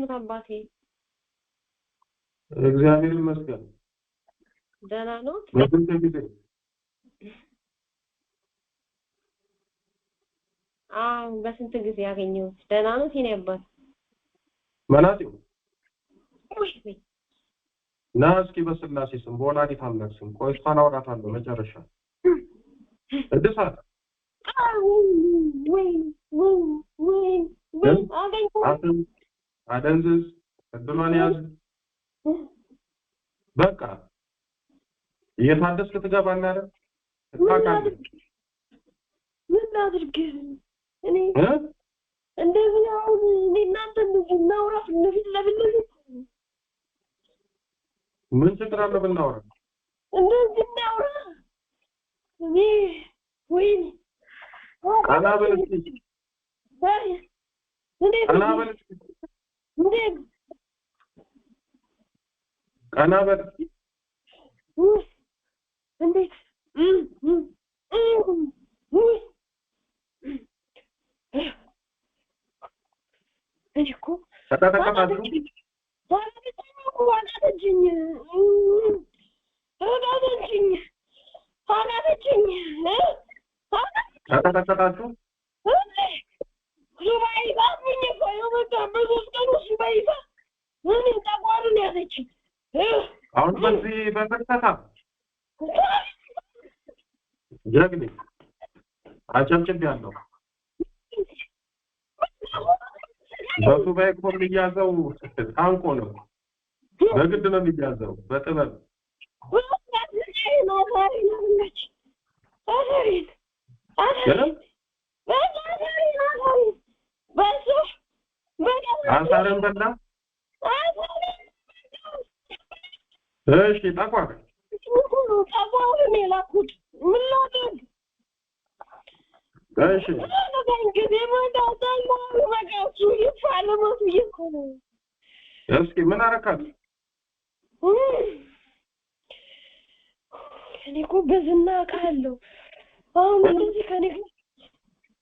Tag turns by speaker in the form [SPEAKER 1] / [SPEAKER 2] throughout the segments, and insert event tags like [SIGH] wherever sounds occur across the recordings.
[SPEAKER 1] ነው አባቴ?
[SPEAKER 2] እግዚአብሔር ይመስገን። ደህና ነው። በስንት ጊዜ?
[SPEAKER 1] አዎ በስንት ጊዜ ያገኘሁት። ደህና ነው የኔ አባት።
[SPEAKER 2] መናጢው ና እስኪ በስላሴ ስም በወላዲተ አምላክ ስም ቆይ እሷን አውራታለሁ መጨረሻ እድሳት አገኘሁ አደንዝዝ፣ እድሏን ያዝ። በቃ እየታደስክ ትገባና አይደል ትታቃለህ።
[SPEAKER 1] ምን አድርግ እኔ እንደዚህ አሁን እኔ እናንተ እንደዚህ እናውራ ፊት ለፊት
[SPEAKER 2] ምን ችግር አለ ብናወራ?
[SPEAKER 1] እንደዚህ እናውራ። እኔ ወይኔ
[SPEAKER 2] ቀና በል እስኪ ቀና በል እስኪ ቀና በል
[SPEAKER 1] እንዴት እኮ በይፋ አብኝ ቆየው በቃ በሶስት ቀን እሱ በይፋ ምን ጠቋርን ያዘች።
[SPEAKER 2] አሁን በዚህ በመርታታ ጀግኒ አጨብጭብ ያለው በሱባኤ እኮ የሚያዘው ታንቆ ነው። በግድ ነው የሚያዘው በጥበብ ነው። በሱ አንሳረን በላ እሺ ጠቋቅ
[SPEAKER 1] ጠቋውን የላኩት ምን ላድርግ? እሺ እንግዲህ እኮ ነው። እስኪ ምን እኔ እኮ በዝና አውቃለሁ። አሁን እንደዚህ ከኔ ጋር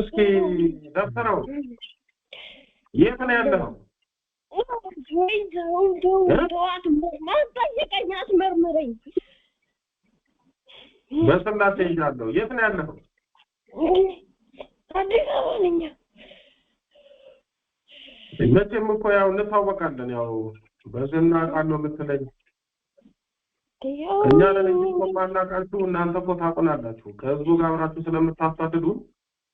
[SPEAKER 2] እስኪ ደብተረው የት ነው ያለው? በስላሴ ይዣለሁ። የት ነው ያለው? መቼም እኮ ያው እንታወቃለን። ያው በዝና ቃለው የምትለኝ እኛ ለነኝ ማናቃችሁ እናንተ እኮ ታቁናላችሁ ከህዝቡ ጋር አብራችሁ ስለምታሳድዱ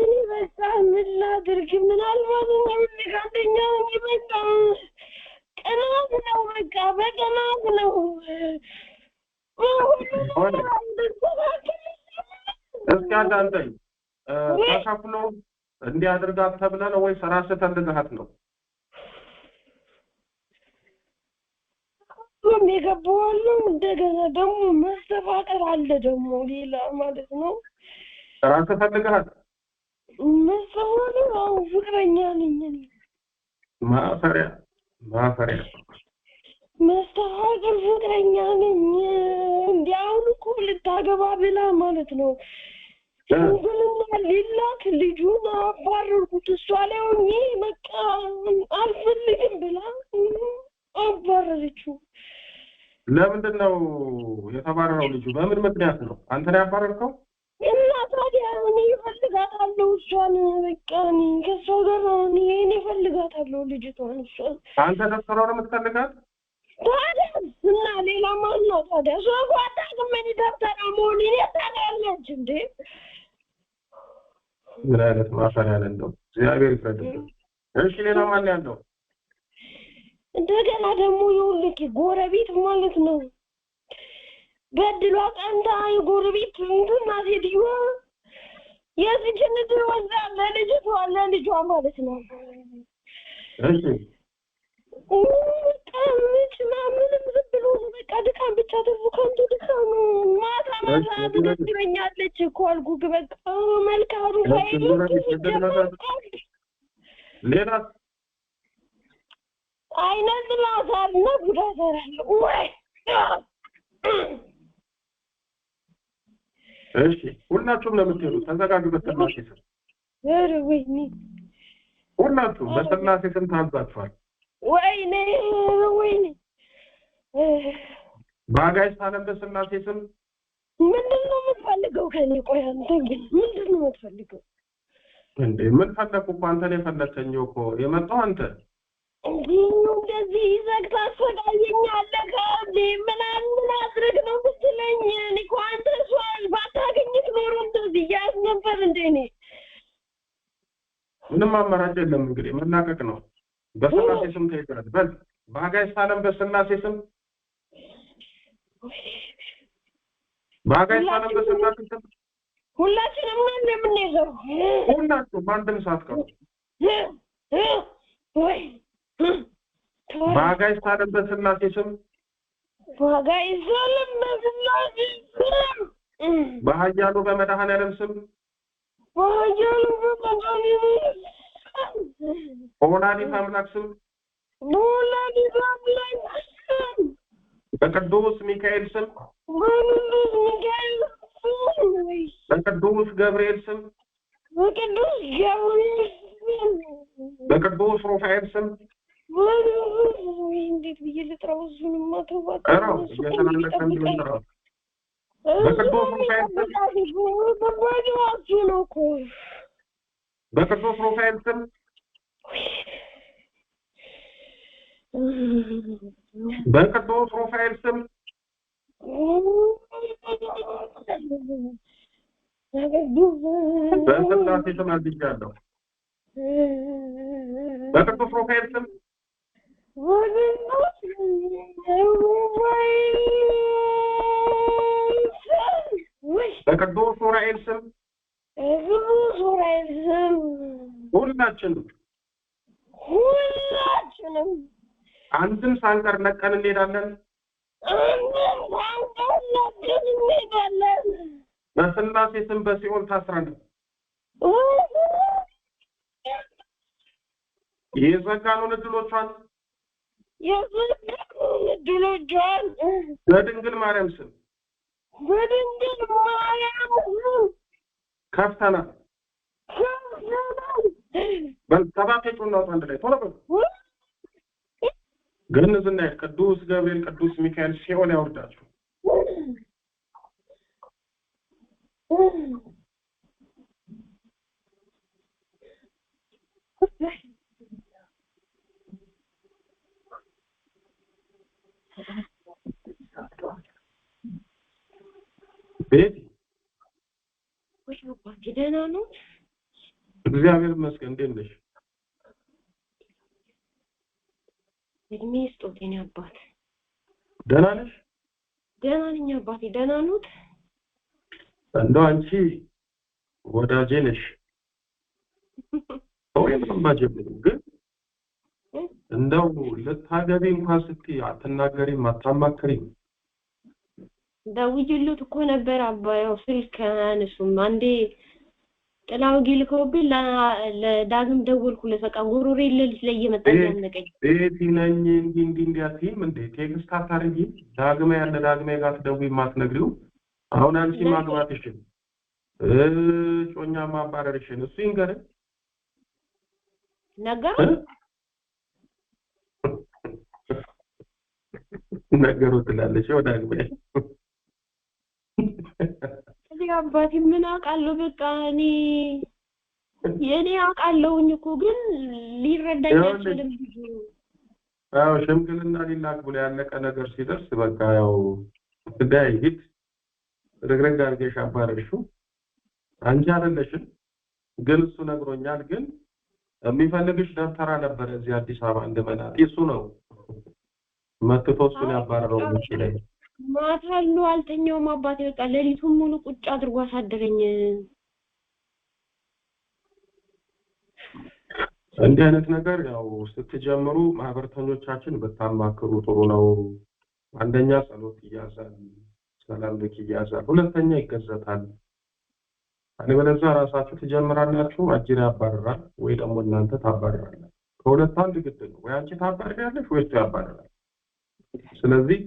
[SPEAKER 1] እኔ በቃ ምን ላድርግ? ምናልባት ሁሉ በቃ ቅናት ነው፣ በቃ
[SPEAKER 2] በቅናት ነው። እስኪ ተከፍሎ ነው ወይስ ራስህ ፈልገሃት ነው?
[SPEAKER 1] ሁሉም የገባዋሉ። እንደገና ደግሞ መስተፋቀር አለ ደግሞ ሌላ ማለት ነው።
[SPEAKER 2] ራስህ ፈልገሃት
[SPEAKER 1] ሰሞኑን አዎ ፍቅረኛ ነኝ
[SPEAKER 2] ማፈሪያ ማፈሪያ
[SPEAKER 1] ፍቅረኛ ነኝ። እንዲህ አሁን እኮ ልታገባ ብላ ማለት ነው ሽምግልና ሌላት ልጁን አባረርኩት። እሷ ላይ ሆኜ በቃ አልፈልግም ብላ አባረረችው።
[SPEAKER 2] ለምንድን ነው የተባረረው? ልጁ በምን ምክንያት ነው አንተ ነው ያባረርከው?
[SPEAKER 1] ታዲያ እኔ እፈልጋታለሁ እሷን በቃ እኔ ከእሷ ጋር እኔ እኔ እፈልጋታለሁ ልጅቷን እሷን
[SPEAKER 2] አንተ ለስራ ነው የምትፈልጋት
[SPEAKER 1] ታዲያ እና ሌላ ማን ነው ታዲያ እሷ እኮ አታውቅም እኔ ደብተራ መሆኔን ታውቃለች እንዴ
[SPEAKER 2] ምን አይነት ማፈሪያ ነው እንደው እግዚአብሔር ይፍረድብን እሺ ሌላ ማን ያለው
[SPEAKER 1] እንደገና ደግሞ ይኸውልህ ጎረቤት ማለት ነው በድሏ ቀንታ የጎረቤት እንትና ሴትዮዋ የዚችን ልጅ ወዛ ለልጅቷ ለልጇ ማለት ነው። እሺ ቀምች ምናምንም ዝም ብሎ በቃ ድካም ብቻ ተፉ ከንቱ ድካም። ማታ ማታ ትደብረኛለች እኮ አልኩህ። በቃ መልካሩ ሌላ አይነት ላሳል ነው ጉዳት አለ ወይ
[SPEAKER 2] እሺ ሁላችሁም ለምትሄዱ ተዘጋጁ። በስላሴ ስም ኧረ ወይኔ ሁላችሁም በስላሴ ስም ታዛችኋል።
[SPEAKER 1] ወይኔ ወይኔ
[SPEAKER 2] ባጋይ ሳለም በስላሴ ስም
[SPEAKER 1] ምንድን ነው የምትፈልገው ከኔ? ቆይ አንተ ግን ምንድን ነው የምትፈልገው
[SPEAKER 2] እንዴ? ምን ፈለኩ እኮ አንተ ነው የፈለከኝ እኮ የመጣው አንተ
[SPEAKER 1] እንዲህ እንደዚህ ይዘግ ታስፈቃየኛለህ ከእንዴ ምናምን አድርግ ነው ምትለኝ እኔ እኮ አንተ
[SPEAKER 2] ምንም አማራጭ የለም። እንግዲህ መላቀቅ ነው። በስላሴ ስም ተይዘሃል። በል በአጋዕዝተ ዓለም በስላሴ ስም በአጋዕዝተ ዓለም በስላሴ ስም
[SPEAKER 1] ሁላችንም ነን የምንይዘው።
[SPEAKER 2] ሁላችሁም አንድም ሳትቀሩ በአጋዕዝተ ዓለም በስላሴ ስም
[SPEAKER 1] በአጋዕዝተ ዓለም በስላሴ ስም
[SPEAKER 2] በኃያሉ በመድኃኔዓለም ስም
[SPEAKER 1] بولاڑی فام لکسو بولاڑی فام لکسو
[SPEAKER 2] بقدوس ميكائيل سم
[SPEAKER 1] بقدوس ميكائيل
[SPEAKER 2] سم بقدوس جبريل سم
[SPEAKER 1] بقدوس جبريل سم
[SPEAKER 2] بقدوس روحائيل سم
[SPEAKER 1] بقدوس يلي تروز من ما تروز
[SPEAKER 2] أرى يا سلام لك أنت من تروز በቅዱስ ሩፋኤል ስም በቅዱስ ሩፋኤል ስም በስላሴ ስም አዝዣለሁ። በቅዱስ ሩፋኤል ስም በቅዱስ ሩፋኤል በቅዱስ ዑራኤል ስም
[SPEAKER 1] በቅዱስ ዑራኤል ስም
[SPEAKER 2] ሁላችንም
[SPEAKER 1] ሁላችንም
[SPEAKER 2] አንድም ሳንቀር ነቀን እንሄዳለን።
[SPEAKER 1] አንድም ሳንቀር ነቀን እንሄዳለን።
[SPEAKER 2] በስላሴ ስም በሲኦል ታስረን የዘጋነውን እድሎቿን
[SPEAKER 1] የዘጋነውን እድሎቿን
[SPEAKER 2] በድንግል ማርያም ስም ከፍተናል ማርያም ከፍተና አንድ ላይ ቶሎ ገነዝና ቅዱስ ገብርኤል ቅዱስ ሚካኤል ሲኦል ያወርዳችሁ። ቤት ደህና ነው እግዚአብሔር ይመስገን እንዴት ነሽ
[SPEAKER 1] እድሜ ስጦት የኔ አባት ደህና ነሽ ደህና ነኝ አባቴ ደህና ኖት
[SPEAKER 2] እንደው አንቺ ወዳጄ ነሽ [LAUGHS] ግን እንደው ልታገቢ እንኳን ስትይ አትናገሪም አታማክሪም
[SPEAKER 1] ደውዬለት እኮ ነበር አባየው ስልክ አያነሱም። አንዴ ጥላው ጊልከውብኝ ለዳግም ደወልኩለት። በቃ ጉሮሬ ለልጅ ላይ እየመጣ ያነቀኝ
[SPEAKER 2] ቤቲ ነኝ እንዲ እንዲ እንዲ አትይም እንዴ? ቴክስት አታርጊ ዳግመ ያለ ዳግመ ጋር ትደውይ የማትነግሪው አሁን አንቺ ማግባትሽን ጮኛ ማባረርሽን እሱ ይንገር ነገሩት ነገሩ ትላለች ወዳግመ
[SPEAKER 1] እዚህ አባቴ ምን አውቃለሁ፣ በቃ እኔ የእኔ አውቃለሁኝ እኮ ግን ሊረዳኝ አይችልም።
[SPEAKER 2] ያው ሽምግልና ሊላክ ብሎ ያለቀ ነገር ሲደርስ በቃ ያው ጉዳይ ሂድ ረግረግ አድርገሽ አባረርሽው። አንቺ አይደለሽም፣ ግን እሱ ነግሮኛል። ግን የሚፈልግሽ ደብተራ ነበረ እዚህ አዲስ አበባ እንደመጣ እሱ ነው መጥቶ እሱን ያባረረው ነው
[SPEAKER 1] ማታ ሁሉ አልተኛውም አባቴ። በቃ ሌሊቱን ሙሉ ቁጭ አድርጎ አሳደረኝ።
[SPEAKER 2] እንዲህ አይነት ነገር ያው ስትጀምሩ ማህበረተኞቻችን ብታማክሩ ጥሩ ነው። አንደኛ ጸሎት ይያዛል፣ ሰላም ልክ ይያዛል። ሁለተኛ ይገዘታል። አለበለዚያ ራሳችሁ ትጀምራላችሁ፣ አጅር ያባረራል ወይ ደግሞ እናንተ ታባረራላችሁ። ከሁለት አንድ ግድ ነው። ወይ አንቺ ታባረሪያለሽ ወይ እሱ ያባረራል። ስለዚህ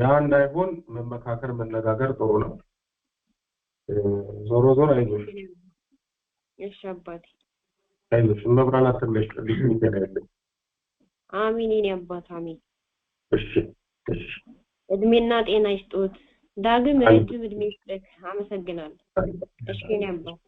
[SPEAKER 2] ያ እንዳይሆን መመካከር መነጋገር ጥሩ ነው። ዞሮ ዞሮ አይዞሽ፣ አይዞሽ፣ መብራን አትለሽ፣ ልጅ ይገናኛል።
[SPEAKER 1] አሚን ኔ አባት አሚን።
[SPEAKER 2] እሺ እሺ፣
[SPEAKER 1] እድሜና ጤና ይስጡት። ዳግም ረጅም እድሜ ይስጥህ። አመሰግናለሁ። እሺ ኔ አባት